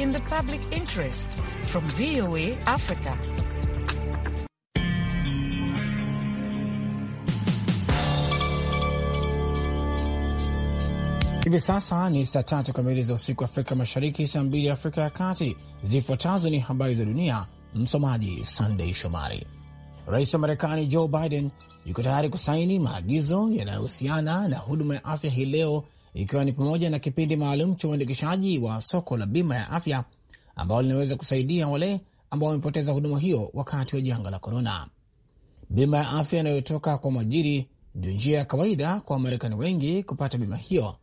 in the public interest from VOA Africa. Hivi sasa ni saa tatu kamili za usiku Afrika Mashariki, saa mbili Afrika ya Kati. Zifuatazo ni habari za dunia, msomaji Sandei Shomari. Rais wa Marekani Joe Biden yuko tayari kusaini maagizo yanayohusiana na huduma ya afya hii leo ikiwa ni pamoja na kipindi maalum cha uandikishaji wa soko la bima ya afya ambao linaweza kusaidia wale ambao wamepoteza huduma hiyo wakati wa janga la korona. Bima ya afya inayotoka kwa mwajiri ndio njia ya kawaida kwa Wamarekani wengi kupata bima hiyo,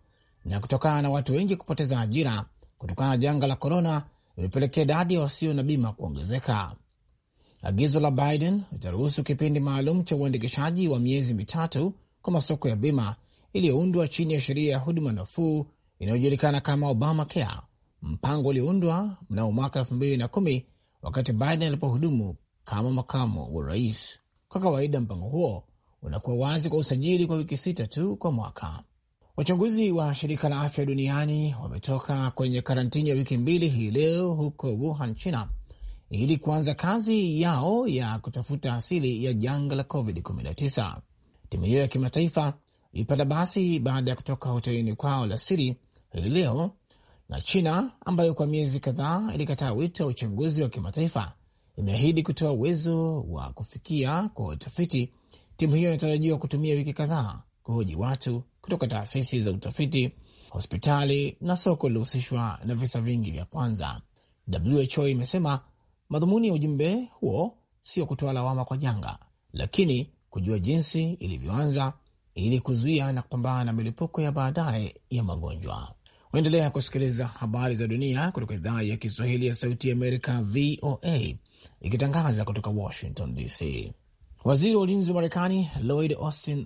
na kutokana na watu wengi kupoteza ajira kutokana na janga la korona imepelekea idadi ya wasio na bima kuongezeka. Agizo la Biden litaruhusu kipindi maalum cha uandikishaji wa miezi mitatu kwa masoko ya bima iliyoundwa chini ya sheria ya huduma nafuu inayojulikana kama Obamacare, mpango ulioundwa mnamo mwaka elfu mbili na kumi wakati Biden alipohudumu kama makamu wa rais. Kwa kawaida mpango huo unakuwa wazi kwa usajili kwa wiki sita tu kwa mwaka. Wachunguzi wa shirika la afya duniani wametoka kwenye karantini ya wiki mbili hii leo huko Wuhan, China, ili kuanza kazi yao ya kutafuta asili ya janga la COVID-19. Timu hiyo ya kimataifa ilipanda basi baada ya kutoka hotelini kwao la siri hii leo, na China ambayo kwa miezi kadhaa ilikataa wito wa uchunguzi wa kimataifa imeahidi kutoa uwezo wa kufikia kwa utafiti. Timu hiyo inatarajiwa kutumia wiki kadhaa kuhoji watu kutoka taasisi za utafiti, hospitali na soko lilohusishwa na visa vingi vya kwanza. WHO imesema madhumuni ya ujumbe huo sio kutoa lawama kwa janga, lakini kujua jinsi ilivyoanza ili kuzuia na kupambana na milipuko ya baadaye ya magonjwa. Waendelea kusikiliza habari za dunia kutoka idhaa ya Kiswahili ya Sauti ya Amerika, VOA, ikitangaza kutoka Washington DC. Waziri wa ulinzi wa Marekani Lloyd Austin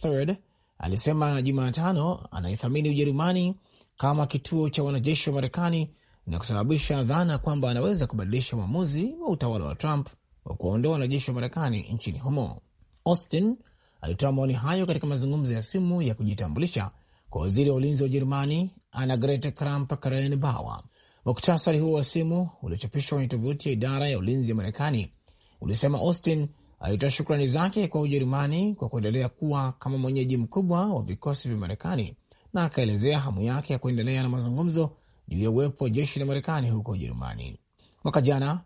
Third alisema Jumatano anaithamini Ujerumani kama kituo cha wanajeshi wa Marekani na kusababisha dhana kwamba anaweza kubadilisha uamuzi wa utawala wa Trump wa kuwaondoa wanajeshi wa Marekani nchini humo. Austin alitoa maoni hayo katika mazungumzo ya simu ya kujitambulisha kwa waziri wa ulinzi wa Ujerumani Annagret Kramp-Karrenbauer bawe Muktasari huo wa simu uliochapishwa kwenye tovuti ya idara ya ulinzi ya Marekani ulisema Austin alitoa shukrani zake kwa Ujerumani kwa kuendelea kuwa kama mwenyeji mkubwa wa vikosi vya Marekani na akaelezea hamu yake ya kuendelea na mazungumzo juu ya uwepo wa jeshi la Marekani huko Ujerumani. Mwaka jana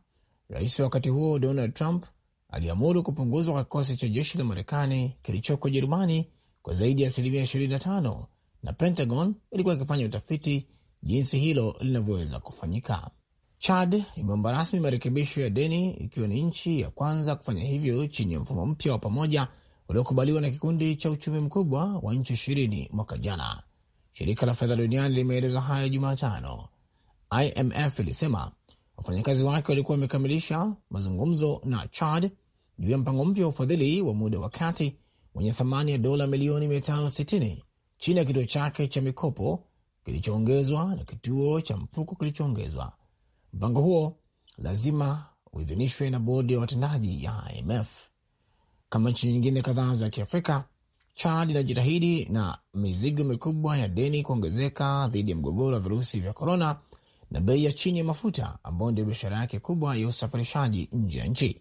rais wa wakati huo Donald Trump aliamuru kupunguzwa kwa kikosi cha jeshi la Marekani kilichoko Jerumani kwa zaidi ya asilimia 25 na Pentagon ilikuwa ikifanya utafiti jinsi hilo linavyoweza kufanyika. Chad imeomba rasmi marekebisho ya deni ikiwa ni nchi ya kwanza kufanya hivyo chini ya mfumo mpya wa pamoja uliokubaliwa na kikundi cha uchumi mkubwa wa nchi ishirini mwaka jana. Shirika la fedha duniani limeeleza hayo Jumatano. IMF ilisema Wafanyakazi wake walikuwa wamekamilisha mazungumzo na Chad juu ya mpango mpya wa ufadhili wa muda wa kati wenye thamani ya dola milioni 560 chini ya kituo chake cha mikopo kilichoongezwa na kituo cha mfuko kilichoongezwa. Mpango huo lazima uidhinishwe na bodi ya watendaji ya IMF. Kama nchi nyingine kadhaa za Kiafrika, Chad inajitahidi na mizigo mikubwa ya deni kuongezeka dhidi ya mgogoro wa virusi vya korona na bei ya chini ya mafuta ambayo ndio biashara yake kubwa ya usafirishaji nje ya nchi.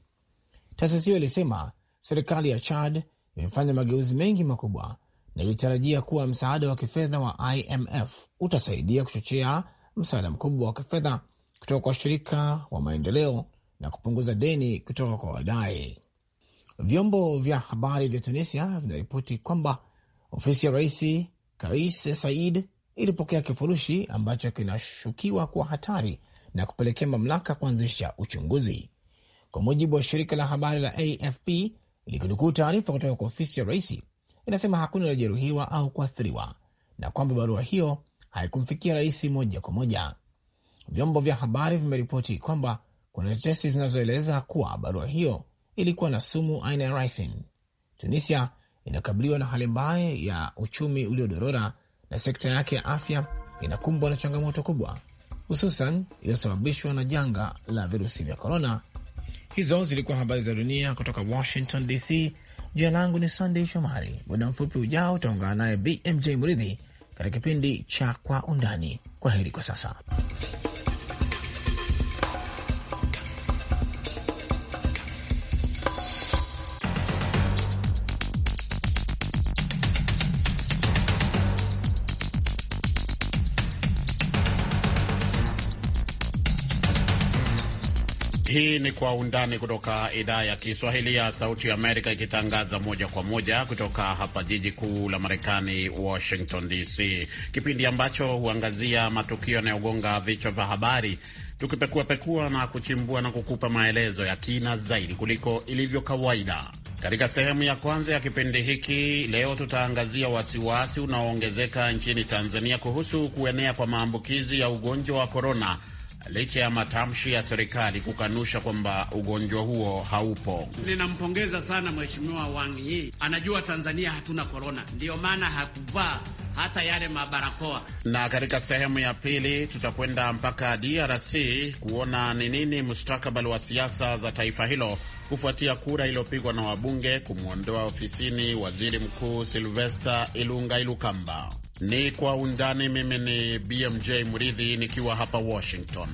Taasisi hiyo ilisema serikali ya Chad imefanya mageuzi mengi makubwa na ilitarajia kuwa msaada wa kifedha wa IMF utasaidia kuchochea msaada mkubwa wa kifedha kutoka kwa washirika wa maendeleo na kupunguza deni kutoka kwa wadai. Vyombo vya habari vya Tunisia vinaripoti kwamba ofisi ya rais Kais Said ilipokea kifurushi ambacho kinashukiwa kuwa hatari na kupelekea mamlaka kuanzisha uchunguzi, kwa mujibu wa shirika la habari la AFP likinukuu taarifa kutoka kwa ofisi ya rais. Inasema hakuna aliyejeruhiwa au kuathiriwa na kwamba barua hiyo haikumfikia rais moja kwa moja. Vyombo vya habari vimeripoti kwamba kuna tetesi zinazoeleza kuwa barua hiyo ilikuwa na sumu aina ya ricin. Tunisia inakabiliwa na hali mbaya ya uchumi uliodorora na sekta yake ya afya inakumbwa na changamoto kubwa, hususan iliyosababishwa na janga la virusi vya korona. Hizo zilikuwa habari za dunia kutoka Washington DC. Jina langu ni Sandey Shomari. Muda mfupi ujao utaungana naye BMJ Mridhi katika kipindi cha Kwa Undani. Kwa heri kwa sasa. Hii ni Kwa Undani kutoka idhaa ya Kiswahili ya Sauti ya Amerika, ikitangaza moja kwa moja kutoka hapa jiji kuu la Marekani, Washington DC, kipindi ambacho huangazia matukio yanayogonga vichwa vya habari, tukipekuapekua na kuchimbua na kukupa maelezo ya kina zaidi kuliko ilivyo kawaida. Katika sehemu ya kwanza ya kipindi hiki leo, tutaangazia wasiwasi unaoongezeka nchini Tanzania kuhusu kuenea kwa maambukizi ya ugonjwa wa korona licha ya matamshi ya serikali kukanusha kwamba ugonjwa huo haupo. Ninampongeza sana Mheshimiwa Wang Yi, anajua Tanzania hatuna korona, ndiyo maana hakuvaa hata yale mabarakoa. Na katika sehemu ya pili tutakwenda mpaka DRC kuona ni nini mustakabali wa siasa za taifa hilo kufuatia kura iliyopigwa na wabunge kumwondoa ofisini waziri mkuu Silvesta Ilunga Ilukamba. Ni kwa undani. Mimi ni BMJ Muridhi nikiwa hapa Washington.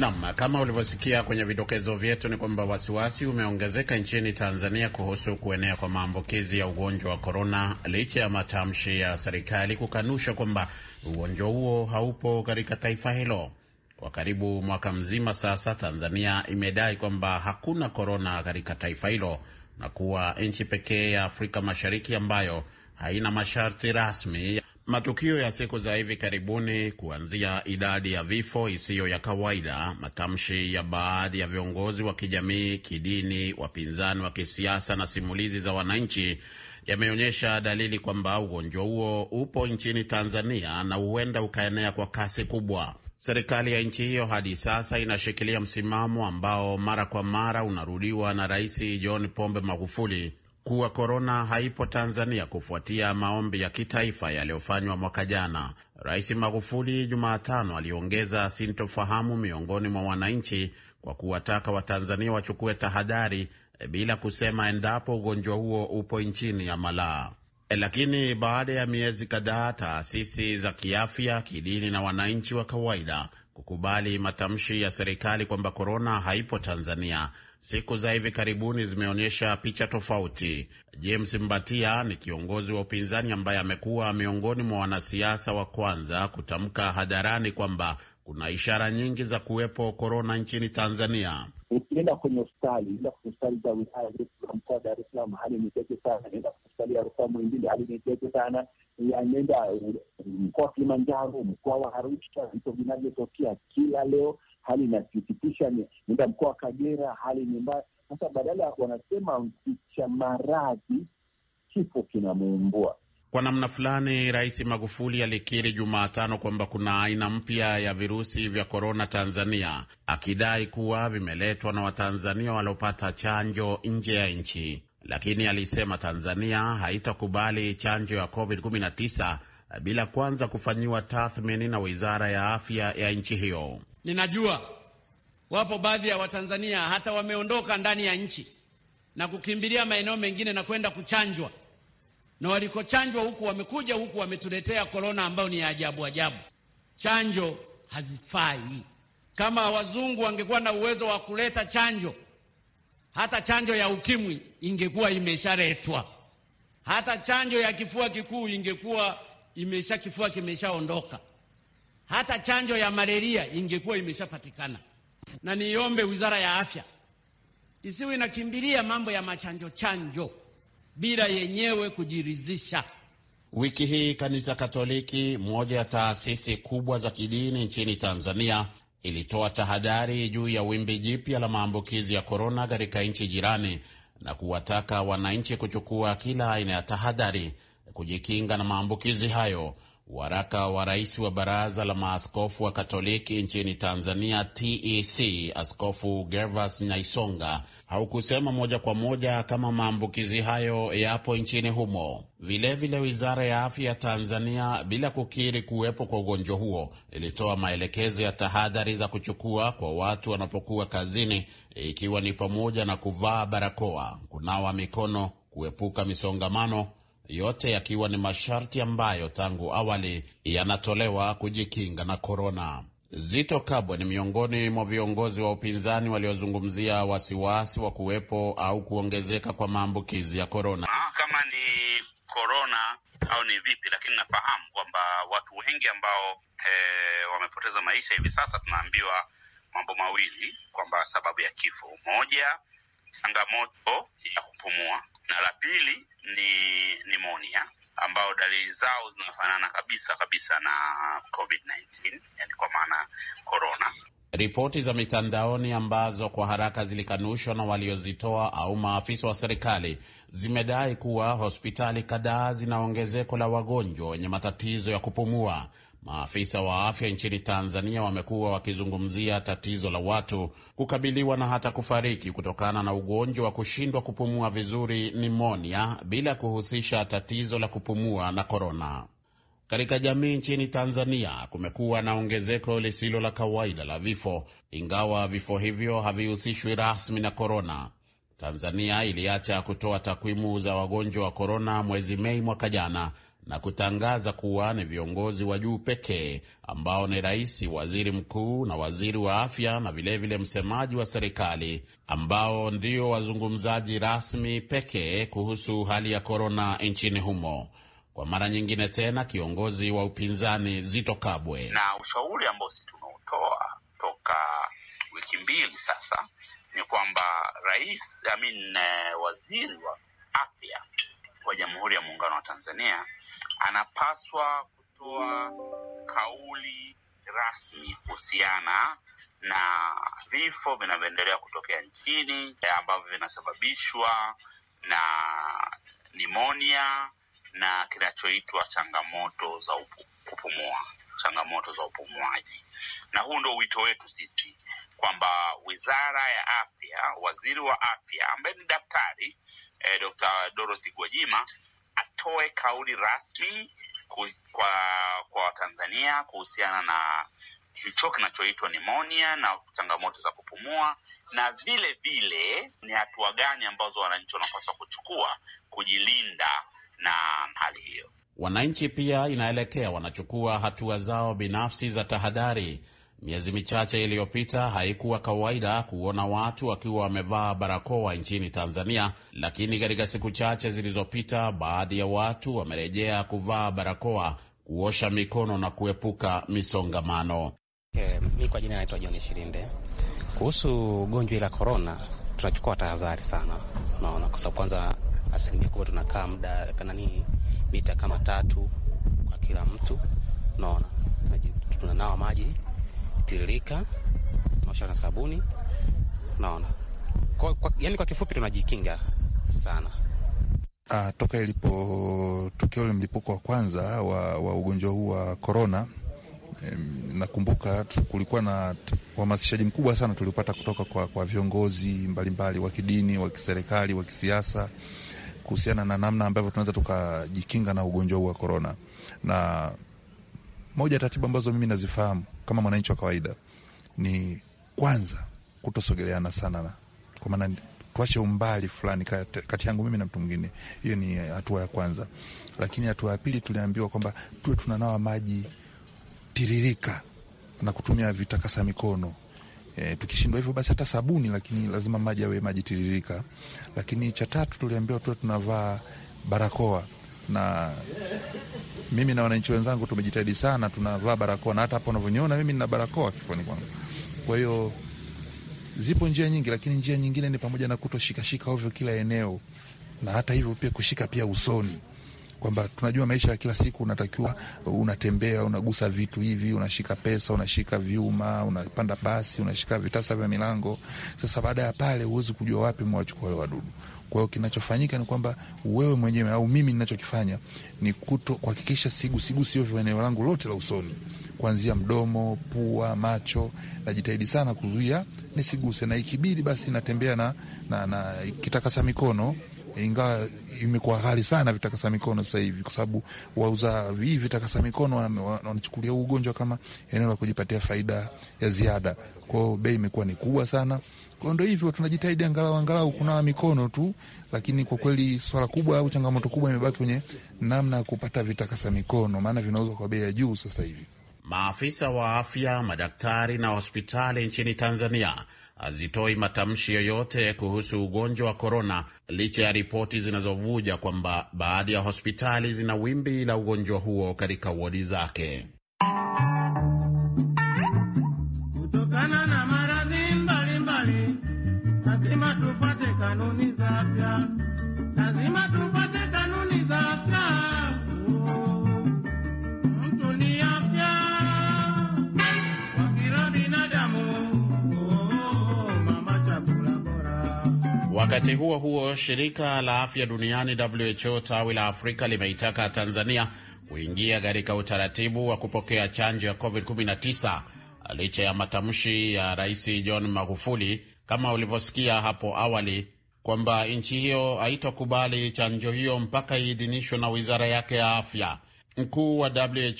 Nam, kama ulivyosikia kwenye vidokezo vyetu ni kwamba wasiwasi umeongezeka nchini Tanzania kuhusu kuenea kwa maambukizi ya ugonjwa wa korona, licha ya matamshi ya serikali kukanusha kwamba ugonjwa huo haupo katika taifa hilo. Kwa karibu mwaka mzima sasa, Tanzania imedai kwamba hakuna korona katika taifa hilo na kuwa nchi pekee ya Afrika Mashariki ambayo haina masharti rasmi Matukio ya siku za hivi karibuni, kuanzia idadi ya vifo isiyo ya kawaida, matamshi ya baadhi ya viongozi wa kijamii, kidini, wapinzani wa kisiasa na simulizi za wananchi yameonyesha dalili kwamba ugonjwa huo upo nchini Tanzania na huenda ukaenea kwa kasi kubwa. Serikali ya nchi hiyo hadi sasa inashikilia msimamo ambao mara kwa mara unarudiwa na Rais John Pombe Magufuli kuwa korona haipo Tanzania kufuatia maombi ya kitaifa yaliyofanywa mwaka jana. Rais Magufuli Jumatano aliongeza sintofahamu miongoni mwa wananchi kwa kuwataka Watanzania wachukue tahadhari e, bila kusema endapo ugonjwa huo upo nchini ya malaa. E, lakini baada ya miezi kadhaa, taasisi za kiafya, kidini na wananchi wa kawaida kukubali matamshi ya serikali kwamba korona haipo Tanzania, siku za hivi karibuni zimeonyesha picha tofauti. James Mbatia ni kiongozi wa upinzani ambaye amekuwa miongoni mwa wanasiasa wa kwanza kutamka hadharani kwamba kuna ishara nyingi za kuwepo korona nchini Tanzania. Ukienda kwenye hospitali, enda kwenye hospitali za wilaya mkoa wa Dar es Salaam, hali ni tete sana. Enda kwenye hospitali ya rufaa Muhimbili, hali ni tete sana. Nenda eh, mkoa wa Kilimanjaro, mkoa wa Arusha, vitu vinavyotokea kila leo hali inasikitisha. Nenda mkoa wa Kagera, hali ni mbaya. Sasa badala wanasema mficha maradhi, kifo kinamuumbua. Kwa namna fulani, Rais Magufuli alikiri Jumatano kwamba kuna aina mpya ya virusi vya korona Tanzania, akidai kuwa vimeletwa na Watanzania waliopata chanjo nje ya nchi, lakini alisema Tanzania haitakubali chanjo ya COVID-19 bila kwanza kufanyiwa tathmini na Wizara ya Afya ya nchi hiyo. Ninajua wapo baadhi ya Watanzania hata wameondoka ndani ya nchi na kukimbilia maeneo mengine na kwenda kuchanjwa, na walikochanjwa huku wamekuja huku wametuletea korona ambayo ni ya ajabu ajabu. Chanjo hazifai. Kama wazungu wangekuwa na uwezo wa kuleta chanjo, hata chanjo ya ukimwi ingekuwa imeshaletwa, hata chanjo ya kifua kikuu ingekuwa imesha, kifua kimeshaondoka hata chanjo ya malaria ingekuwa imeshapatikana. Na niombe wizara ya afya isiwe inakimbilia mambo ya machanjo chanjo bila yenyewe kujiridhisha. Wiki hii kanisa Katoliki, moja ya taasisi kubwa za kidini nchini Tanzania, ilitoa tahadhari juu ya wimbi jipya la maambukizi ya korona katika nchi jirani na kuwataka wananchi kuchukua kila aina ya tahadhari kujikinga na maambukizi hayo. Waraka wa rais wa baraza la maaskofu wa Katoliki nchini Tanzania, TEC, Askofu Gervas Nyaisonga haukusema moja kwa moja kama maambukizi hayo yapo nchini humo. Vilevile vile wizara ya afya ya Tanzania, bila kukiri kuwepo kwa ugonjwa huo, ilitoa maelekezo ya tahadhari za kuchukua kwa watu wanapokuwa kazini, ikiwa ni pamoja na kuvaa barakoa, kunawa mikono, kuepuka misongamano yote yakiwa ni masharti ambayo tangu awali yanatolewa kujikinga na korona. Zito Kabwe ni miongoni mwa viongozi wa upinzani waliozungumzia wasiwasi wa kuwepo au kuongezeka kwa maambukizi ya korona. Ah, kama ni korona au ni vipi, lakini nafahamu kwamba watu wengi ambao eh, wamepoteza maisha hivi sasa, tunaambiwa mambo mawili kwamba sababu ya kifo, moja changamoto ya kupumua na la pili ni nimonia ambao dalili zao zinafanana kabisa kabisa na COVID-19, yani kwa maana corona. Ripoti za mitandaoni ambazo kwa haraka zilikanushwa na waliozitoa au maafisa wa serikali zimedai kuwa hospitali kadhaa zina ongezeko la wagonjwa wenye matatizo ya kupumua. Maafisa wa afya nchini Tanzania wamekuwa wakizungumzia tatizo la watu kukabiliwa na hata kufariki kutokana na ugonjwa wa kushindwa kupumua vizuri nimonia, bila kuhusisha tatizo la kupumua na korona. Katika jamii nchini Tanzania kumekuwa na ongezeko lisilo la kawaida la vifo, ingawa vifo hivyo havihusishwi rasmi na korona. Tanzania iliacha kutoa takwimu za wagonjwa wa korona mwezi Mei mwaka jana na kutangaza kuwa ni viongozi wa juu pekee ambao ni rais, waziri mkuu na waziri wa afya na vilevile vile msemaji wa serikali ambao ndio wazungumzaji rasmi pekee kuhusu hali ya korona nchini humo. Kwa mara nyingine tena, kiongozi wa upinzani Zito Kabwe na ushauri ambao sisi tunaotoa toka wiki mbili sasa ni kwamba rais, amin, eh, waziri wa afya wa Jamhuri ya Muungano wa Tanzania anapaswa kutoa kauli rasmi kuhusiana na vifo vinavyoendelea kutokea nchini ambavyo vinasababishwa na nimonia na kinachoitwa changamoto za kupumua, changamoto za upumuaji. Na huu ndo wito wetu sisi kwamba wizara ya afya, waziri wa afya ambaye ni daktari eh, Dr. Dorothy Gwajima atoe kauli rasmi kwa kwa Watanzania kuhusiana na hicho kinachoitwa nimonia na changamoto za kupumua, na vile vile ni hatua gani ambazo wananchi wanapaswa kuchukua kujilinda na hali hiyo. Wananchi pia inaelekea wanachukua hatua zao binafsi za tahadhari Miezi michache iliyopita haikuwa kawaida kuona watu wakiwa wamevaa barakoa nchini Tanzania, lakini katika siku chache zilizopita baadhi ya watu wamerejea kuvaa barakoa, kuosha mikono na kuepuka misongamano. Okay, eh, mi kwa jina naitwa John Shirinde. Kuhusu gonjwa la korona, tunachukua tahadhari sana, naona kwa sababu kwanza asilimia kubwa tunakaa muda kanani mita kama tatu kwa kila mtu, naona tunanawa maji tiririka, naosha na sabuni, naona kwa, kwa, yani kwa kifupi tunajikinga sana. Ah, toka ilipo tukio la mlipuko wa kwanza wa, wa ugonjwa huu wa korona nakumbuka kulikuwa na uhamasishaji mkubwa sana tuliopata kutoka kwa, kwa viongozi mbalimbali wa kidini, wa kiserikali, wa kisiasa kuhusiana na namna ambavyo tunaweza tukajikinga na ugonjwa huu wa korona, na moja ya taratibu ambazo mimi nazifahamu kama mwananchi wa kawaida ni kwanza kutosogeleana sana na, kwa maana tuache umbali fulani kati, yangu mimi na mtu mwingine. Hiyo ni hatua ya kwanza, lakini hatua ya pili tuliambiwa kwamba tuwe tunanawa maji tiririka na kutumia vitakasa mikono. E, tukishindwa hivyo basi hata sabuni, lakini lazima maji awe maji tiririka. Lakini cha tatu tuliambiwa tuwe tunavaa barakoa na mimi na wananchi wenzangu tumejitahidi sana, tunavaa barakoa na hata hapo unavyoniona mimi nina barakoa kifuani kwangu. Kwa hiyo zipo njia nyingi, lakini njia nyingine ni pamoja na kutoshikashika ovyo kila eneo, na hata hivyo pia kushika pia usoni kwamba tunajua maisha ya kila siku, unatakiwa unatembea, unagusa vitu hivi, unashika pesa, unashika vyuma, unapanda basi, unashika vitasa vya milango. Sasa baada ya pale, huwezi kujua wapi mwachukua wale wadudu. Kwa hiyo kinachofanyika ni kwamba wewe mwenyewe au mimi ninachokifanya ni kuto kuhakikisha sio ovyo eneo langu lote la usoni, kuanzia mdomo, pua, macho. Najitahidi sana kuzuia nisiguse, na ikibidi basi natembea na, na, na kitakasa mikono ingawa imekuwa ghali sana vitakasa mikono sasa hivi, kwa sababu wauza hivi vitakasa mikono wanachukulia ugonjwa kama eneo la kujipatia faida ya ziada, kwao bei imekuwa ni kubwa sana. Kwao ndo hivyo tunajitahidi angalau angalau kunawa mikono tu, lakini kwa kweli swala kubwa au changamoto kubwa imebaki kwenye namna ya kupata vitakasa mikono, maana vinauzwa kwa bei ya juu sasa hivi. Maafisa wa afya, madaktari na hospitali nchini Tanzania hazitoi matamshi yoyote kuhusu ugonjwa wa korona licha ya ripoti zinazovuja kwamba baadhi ya hospitali zina wimbi la ugonjwa huo katika wodi zake. Wakati huo huo, shirika la afya duniani WHO tawi la Afrika limeitaka Tanzania kuingia katika utaratibu wa kupokea chanjo ya COVID-19 licha ya matamshi ya Rais John Magufuli, kama ulivyosikia hapo awali, kwamba nchi hiyo haitokubali chanjo hiyo mpaka iidhinishwe na wizara yake ya afya. Mkuu wa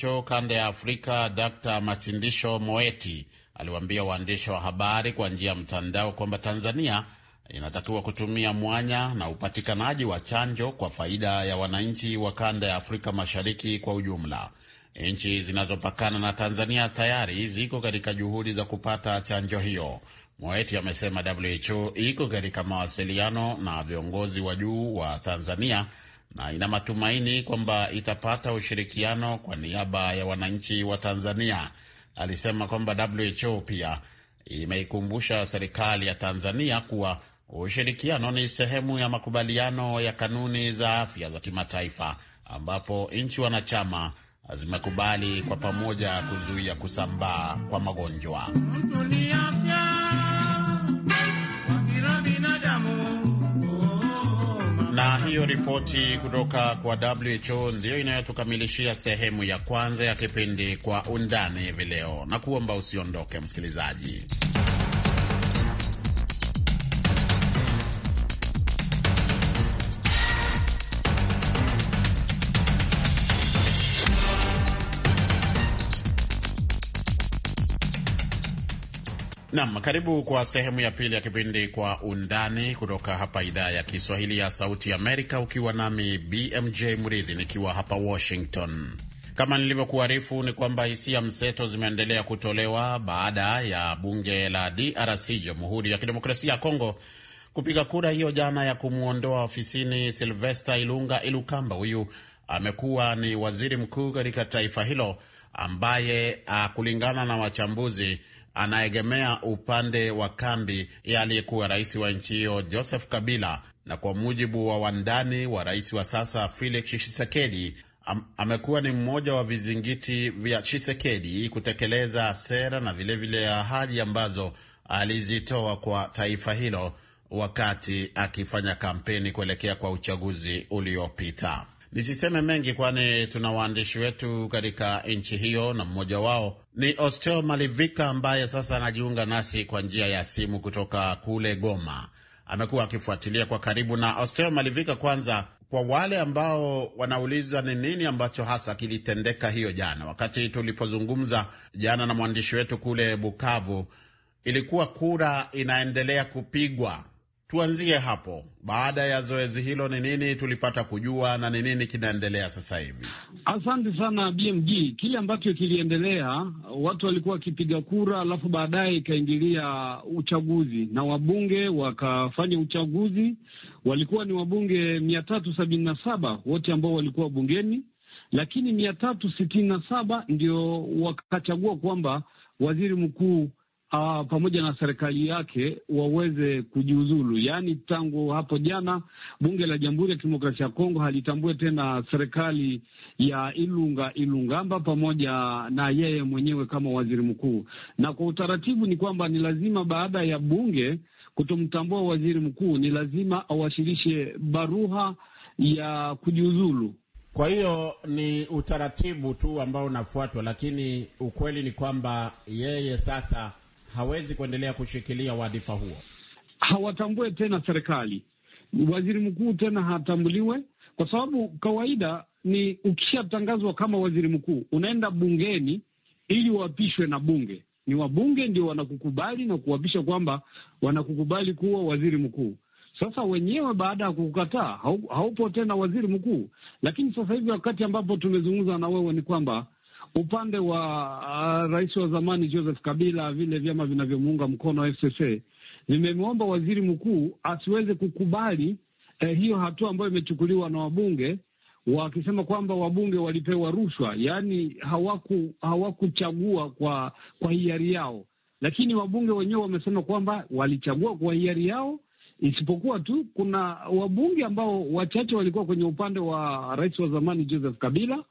WHO kanda ya Afrika Dr. Matsindisho Moeti aliwaambia waandishi wa habari kwa njia ya mtandao kwamba Tanzania inatakiwa kutumia mwanya na upatikanaji wa chanjo kwa faida ya wananchi wa kanda ya Afrika Mashariki kwa ujumla. Nchi zinazopakana na Tanzania tayari ziko katika juhudi za kupata chanjo hiyo. Moeti amesema WHO iko katika mawasiliano na viongozi wa juu wa Tanzania na ina matumaini kwamba itapata ushirikiano kwa niaba ya wananchi wa Tanzania. Alisema kwamba WHO pia imeikumbusha serikali ya Tanzania kuwa Ushirikiano ni sehemu ya makubaliano ya kanuni za afya za kimataifa ambapo nchi wanachama zimekubali kwa pamoja kuzuia kusambaa kwa magonjwa. Na hiyo ripoti kutoka kwa WHO ndiyo inayotukamilishia sehemu ya kwanza ya kipindi Kwa Undani hivi leo, na kuomba usiondoke msikilizaji. Nam, karibu kwa sehemu ya pili ya kipindi Kwa Undani kutoka hapa idhaa ya Kiswahili ya Sauti Amerika, ukiwa nami BMJ Mridhi nikiwa hapa Washington. Kama nilivyokuarifu ni kwamba hisia mseto zimeendelea kutolewa baada ya bunge la DRC, Jamhuri ya Kidemokrasia ya Kongo, kupiga kura hiyo jana ya kumwondoa ofisini Silvesta Ilunga Ilukamba. Huyu amekuwa ni waziri mkuu katika taifa hilo ambaye, ah, kulingana na wachambuzi, anaegemea upande wa kambi ya aliyekuwa rais wa nchi hiyo Joseph Kabila, na kwa mujibu wa wandani wa rais wa sasa Felix Tshisekedi am, amekuwa ni mmoja wa vizingiti vya Tshisekedi kutekeleza sera na vilevile vile ahadi ambazo alizitoa kwa taifa hilo wakati akifanya kampeni kuelekea kwa uchaguzi uliopita. Nisiseme mengi, kwani tuna waandishi wetu katika nchi hiyo, na mmoja wao ni Ostel Malivika ambaye sasa anajiunga nasi kwa njia ya simu kutoka kule Goma. Amekuwa akifuatilia kwa karibu. Na Ostel Malivika, kwanza kwa wale ambao wanauliza ni nini ambacho hasa kilitendeka hiyo jana, wakati tulipozungumza jana na mwandishi wetu kule Bukavu, ilikuwa kura inaendelea kupigwa Tuanzie hapo. Baada ya zoezi hilo, ni nini tulipata kujua na ni nini kinaendelea sasa hivi? Asante sana BMG. Kile ambacho kiliendelea, watu walikuwa wakipiga kura, alafu baadaye ikaingilia uchaguzi na wabunge wakafanya uchaguzi. Walikuwa ni wabunge mia tatu sabini na saba wote ambao walikuwa bungeni, lakini mia tatu sitini na saba ndio wakachagua kwamba waziri mkuu uh, pamoja na serikali yake waweze kujiuzulu. Yaani, tangu hapo jana bunge la Jamhuri ya Kidemokrasia ya Kongo halitambue tena serikali ya Ilunga Ilungamba pamoja na yeye mwenyewe kama waziri mkuu, na kwa utaratibu ni kwamba ni lazima baada ya bunge kutomtambua waziri mkuu ni lazima awasilishe barua ya kujiuzulu. Kwa hiyo ni utaratibu tu ambao unafuatwa, lakini ukweli ni kwamba yeye sasa hawezi kuendelea kushikilia wadhifa huo. Hawatambue tena serikali, waziri mkuu tena hatambuliwe, kwa sababu kawaida ni ukishatangazwa kama waziri mkuu unaenda bungeni ili uapishwe na bunge. Ni wabunge ndio wanakukubali na kuapisha kwamba wanakukubali kuwa waziri mkuu. Sasa wenyewe baada ya kukukataa haupo tena waziri mkuu. Lakini sasa hivi wakati ambapo tumezungumza na wewe ni kwamba upande wa uh, rais wa zamani Joseph Kabila, vile vyama vinavyomuunga mkono FCC vimemwomba waziri mkuu asiweze kukubali eh, hiyo hatua ambayo imechukuliwa na wabunge wakisema kwamba wabunge walipewa rushwa, yaani hawaku hawakuchagua kwa kwa hiari yao, lakini wabunge wenyewe wamesema kwamba walichagua kwa hiari yao, isipokuwa tu kuna wabunge ambao wachache walikuwa kwenye upande wa rais wa zamani Joseph Kabila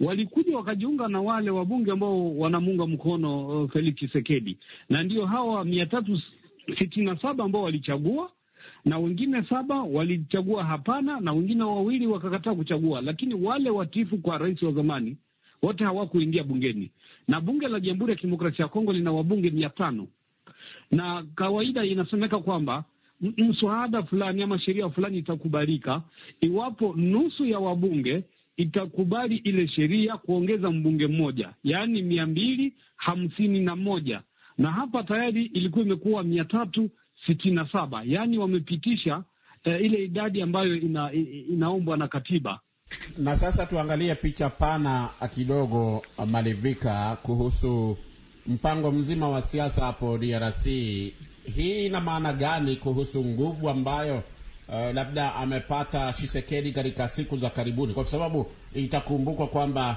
walikuja wakajiunga na wale wabunge ambao wanamuunga mkono uh, Felix Tshisekedi, na ndio hawa mia tatu sitini na saba ambao walichagua na wengine saba walichagua hapana, na wengine wawili wakakataa kuchagua, lakini wale watifu kwa rais wa zamani wote hawakuingia bungeni, na bunge la Jamhuri ya Kidemokrasia ya Kongo lina wabunge mia tano na kawaida inasemeka kwamba mswada fulani ama sheria fulani itakubalika iwapo nusu ya wabunge itakubali ile sheria kuongeza mbunge mmoja, yaani mia mbili hamsini na moja na hapa tayari ilikuwa imekuwa mia tatu sitini na saba yaani wamepitisha eh, ile idadi ambayo ina, inaombwa na katiba. Na sasa tuangalie picha pana kidogo, eh, Malivika, kuhusu mpango mzima wa siasa hapo DRC. Hii ina maana gani kuhusu nguvu ambayo uh, labda amepata chisekedi katika siku za karibuni, kwa sababu itakumbukwa kwamba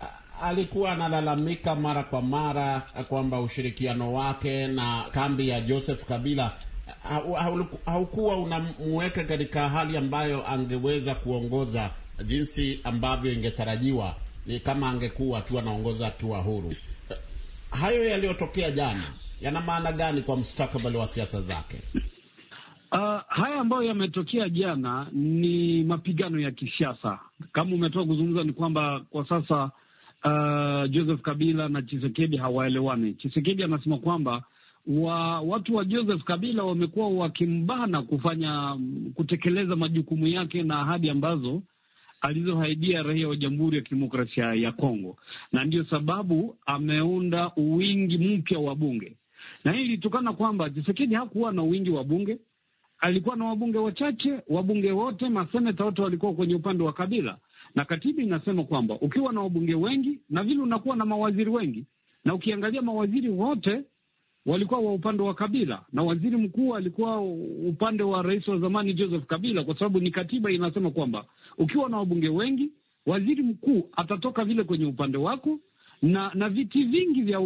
uh, alikuwa analalamika mara kwa mara kwamba ushirikiano wake na kambi ya Joseph Kabila eh, haukuwa unamweka katika hali ambayo angeweza kuongoza jinsi ambavyo ingetarajiwa kama angekuwa tu anaongoza akiwa huru. Hayo yaliyotokea jana yana maana gani kwa mustakabali wa siasa zake? Uh, haya ambayo yametokea jana ni mapigano ya kisiasa. Kama umetoka kuzungumza, ni kwamba kwa sasa uh, Joseph Kabila na Chisekedi hawaelewani. Chisekedi anasema kwamba wa watu wa Joseph Kabila wamekuwa wakimbana kufanya kutekeleza majukumu yake na ahadi ambazo alizohaidia raia wa Jamhuri ya Kidemokrasia ya Kongo, na ndiyo sababu ameunda uwingi mpya wa bunge, na hii ilitokana kwamba Chisekedi hakuwa na uwingi wa bunge alikuwa na wabunge wachache. Wabunge wote, maseneta wote walikuwa kwenye upande wa Kabila, na katiba inasema kwamba ukiwa na wabunge wengi na vile unakuwa na mawaziri wengi, na ukiangalia mawaziri wote walikuwa wa upande wa Kabila na waziri mkuu alikuwa upande wa rais wa zamani Joseph Kabila, kwa sababu ni katiba inasema kwamba ukiwa na wabunge wengi, waziri mkuu atatoka vile kwenye upande wako na na viti vingi vya,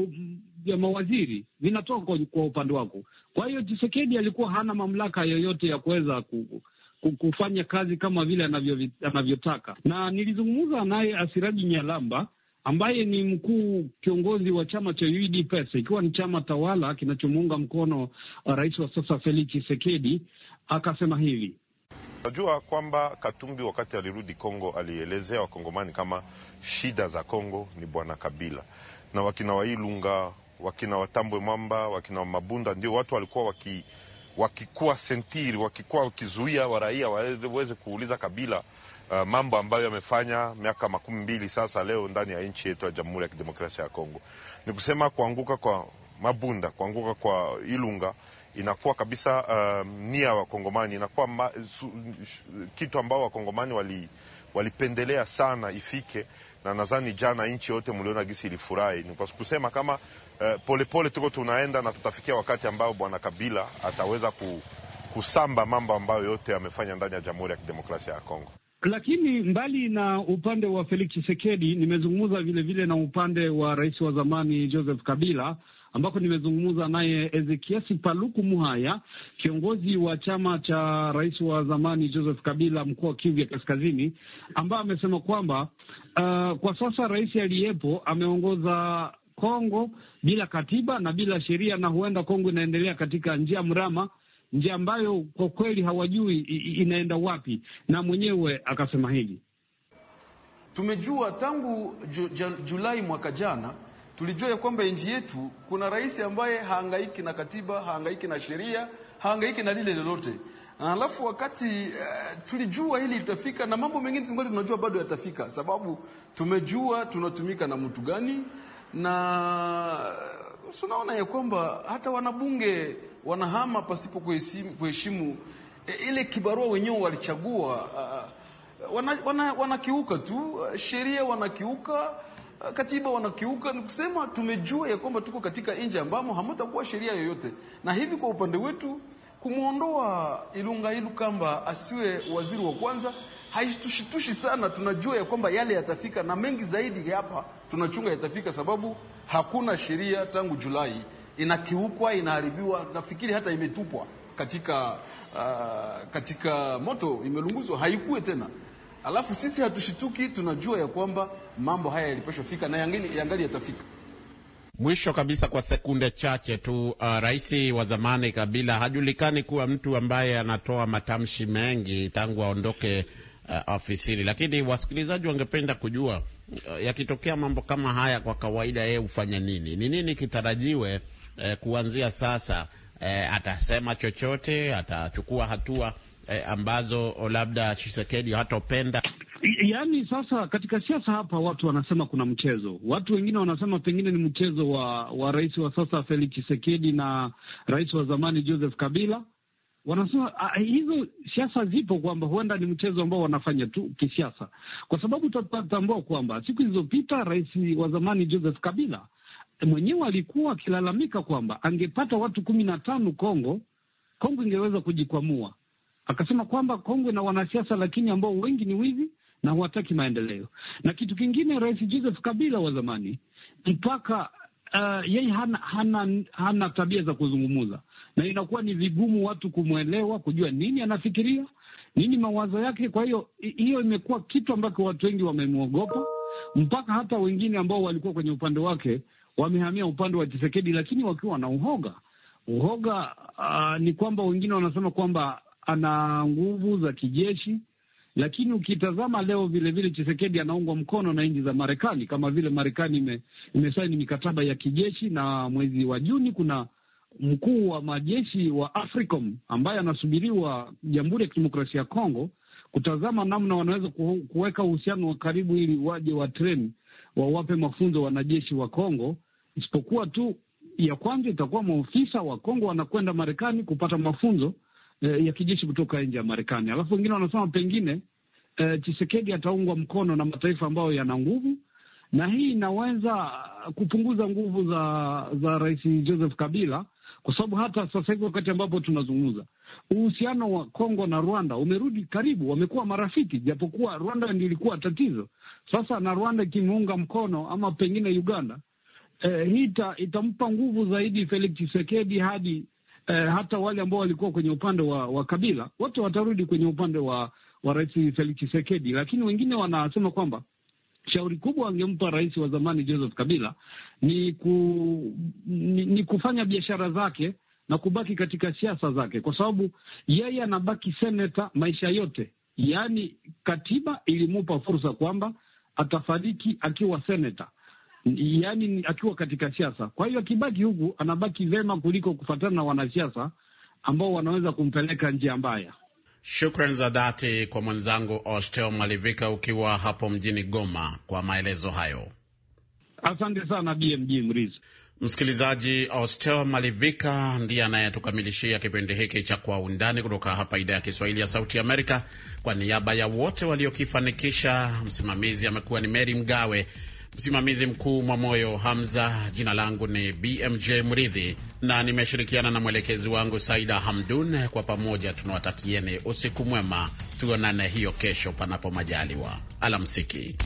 vya mawaziri vinatoka kwa, kwa upande wako. Kwa hiyo Tshisekedi alikuwa hana mamlaka yoyote ya kuweza ku, kufanya kazi kama vile anavyotaka, na nilizungumza naye Asiraji Nyalamba ambaye ni mkuu kiongozi wa chama cha UDPS ikiwa ni chama tawala kinachomuunga mkono uh, rais wa sasa Felix chisekedi akasema hivi Najua kwamba Katumbi wakati alirudi Kongo alielezea wakongomani kama shida za Kongo ni bwana Kabila na wakina Wailunga, wakina Watambwe Mwamba, wakina Mabunda ndio watu walikuwa waki wakikuwa sentiri wakikuwa wakizuia waraia waweze kuuliza Kabila uh, mambo ambayo yamefanya miaka makumi mbili sasa leo ndani ya nchi yetu ya Jamhuri ya Kidemokrasia ya Kongo. Ni kusema kuanguka kwa Mabunda, kuanguka kwa Ilunga inakuwa kabisa uh, um, nia ya Wakongomani inakuwa ma, su, sh, kitu ambao Wakongomani wali walipendelea sana ifike, na nadhani jana nchi yote mliona gisi ilifurahi. Ni kwa kusema kama uh, eh, polepole pole tuko tunaenda na tutafikia wakati ambao bwana Kabila ataweza ku, kusamba mambo ambayo yote amefanya ndani ya Jamhuri ya Kidemokrasia ya Kongo. Lakini mbali na upande wa Felix chisekedi nimezungumza vilevile na upande wa rais wa zamani Joseph Kabila ambako nimezungumza naye Ezekiasi Paluku Muhaya, kiongozi wa chama cha rais wa zamani Joseph Kabila mkoa wa Kivu ya Kaskazini, ambaye amesema kwamba uh, kwa sasa rais aliyepo ameongoza Kongo bila katiba na bila sheria, na huenda Kongo inaendelea katika njia mrama, njia ambayo kwa kweli hawajui inaenda wapi, na mwenyewe akasema hili Tumejua tangu Julai mwaka jana tulijua ya kwamba nchi yetu kuna rais ambaye haangaiki na katiba, haangaiki na sheria, haangaiki na lile lolote. Alafu wakati uh, tulijua hili litafika na mambo mengine tungali tunajua bado yatafika, sababu tumejua tunatumika na mtu gani, na tunaona eh, ya kwamba hata wanabunge wanahama pasipo kuheshimu e, ile kibarua wenyewe walichagua. Uh, ah, wanakiuka ah, wana, wana tu sheria wanakiuka Eh, katiba wanakiuka, ni kusema tumejua ya kwamba tuko katika nchi ambamo hamutakuwa sheria yoyote, na hivi kwa upande wetu kumwondoa Ilungailu Kamba asiwe waziri wa kwanza haitushitushi sana. Tunajua ya kwamba yale yatafika na mengi zaidi hapa tunachunga yatafika, sababu hakuna sheria tangu Julai inakiukwa, inaharibiwa, nafikiri hata imetupwa katika, uh, katika moto, imelunguzwa, haikuwe tena alafu sisi hatushituki, tunajua ya kwamba mambo haya yalipashafika na yangali yatafika. Mwisho kabisa kwa sekunde chache tu, uh, rais wa zamani Kabila hajulikani kuwa mtu ambaye anatoa matamshi mengi tangu aondoke uh, ofisini, lakini wasikilizaji wangependa kujua uh, yakitokea mambo kama haya, kwa kawaida yeye hufanya nini? Ni nini kitarajiwe uh, kuanzia sasa? Uh, atasema chochote? Atachukua hatua eh, ambazo labda Chisekedi hatopenda? Yaani sasa katika siasa hapa watu wanasema kuna mchezo, watu wengine wanasema pengine ni mchezo wa, wa rais wa sasa Felix Chisekedi na rais wa zamani Joseph Kabila wanasema hizo siasa zipo, kwamba huenda ni mchezo ambao wanafanya tu kisiasa, kwa sababu tutatambua kwamba siku zilizopita rais wa zamani Joseph Kabila mwenyewe alikuwa akilalamika kwamba angepata watu kumi na tano Kongo, Kongo ingeweza kujikwamua akasema kwamba kongwe na wanasiasa, lakini ambao wengi ni wizi na hawataki maendeleo. Na kitu kingine, Rais Joseph Kabila wa zamani mpaka uh, yeye hana, hana, hana tabia za kuzungumuza, na inakuwa ni vigumu watu kumwelewa, kujua nini anafikiria, nini mawazo yake. Kwa hiyo hiyo imekuwa kitu ambacho watu wengi wamemwogopa, mpaka hata wengine ambao walikuwa kwenye upande wake wamehamia upande wa Chisekedi, lakini wakiwa na uhoga uhoga. Uh, ni kwamba wengine wanasema kwamba ana nguvu za kijeshi, lakini ukitazama leo vilevile Chisekedi anaungwa mkono na nchi za Marekani, kama vile Marekani imesaini mikataba ya kijeshi, na mwezi wa Juni kuna mkuu wa majeshi wa AFRICOM ambaye anasubiriwa Jamhuri ya Kidemokrasia ya Kongo kutazama namna wanaweza kuweka uhusiano wa karibu ili waje wa treni wawape mafunzo wanajeshi wa Kongo, isipokuwa tu ya kwanza itakuwa maofisa wa Kongo wanakwenda Marekani kupata mafunzo eh, ya kijeshi kutoka nje ya Marekani. Alafu wengine wanasema pengine eh, Chisekedi ataungwa mkono na mataifa ambayo yana nguvu, na hii inaweza kupunguza nguvu za za Rais Joseph Kabila, kwa sababu hata sasa hivi wakati ambapo tunazungumza uhusiano wa Kongo na Rwanda umerudi karibu, wamekuwa marafiki, japokuwa Rwanda ndiyo ilikuwa tatizo. Sasa na Rwanda ikimuunga mkono ama pengine Uganda, eh, hii itampa nguvu zaidi Felix Tshisekedi hadi eh, hata wale ambao walikuwa kwenye upande wa, wa Kabila wote watarudi kwenye upande wa, wa Rais Felix chisekedi lakini wengine wanasema kwamba shauri kubwa angempa rais wa zamani Joseph Kabila ni, ku, ni, ni kufanya biashara zake na kubaki katika siasa zake, kwa sababu yeye anabaki seneta maisha yote. Yaani katiba ilimupa fursa kwamba atafariki akiwa seneta, yaani akiwa katika siasa. Kwa hiyo akibaki huku anabaki vema kuliko kufuatana na wanasiasa ambao wanaweza kumpeleka njia mbaya. Shukran za dhati kwa mwenzangu Osteo Malivika ukiwa hapo mjini Goma kwa maelezo hayo. Asante sana BMG Mrizi. Msikilizaji, Osteo Malivika ndiye anayetukamilishia kipindi hiki cha Kwa Undani kutoka hapa idhaa ya Kiswahili ya Sauti Amerika. Kwa niaba ya wote waliokifanikisha, msimamizi amekuwa ni Meri Mgawe. Msimamizi mkuu Mwamoyo Hamza. Jina langu ni BMJ Mridhi na nimeshirikiana na mwelekezi wangu Saida Hamdun. Kwa pamoja tunawatakieni usiku mwema, tuonane hiyo kesho, panapo majaliwa. Alamsiki.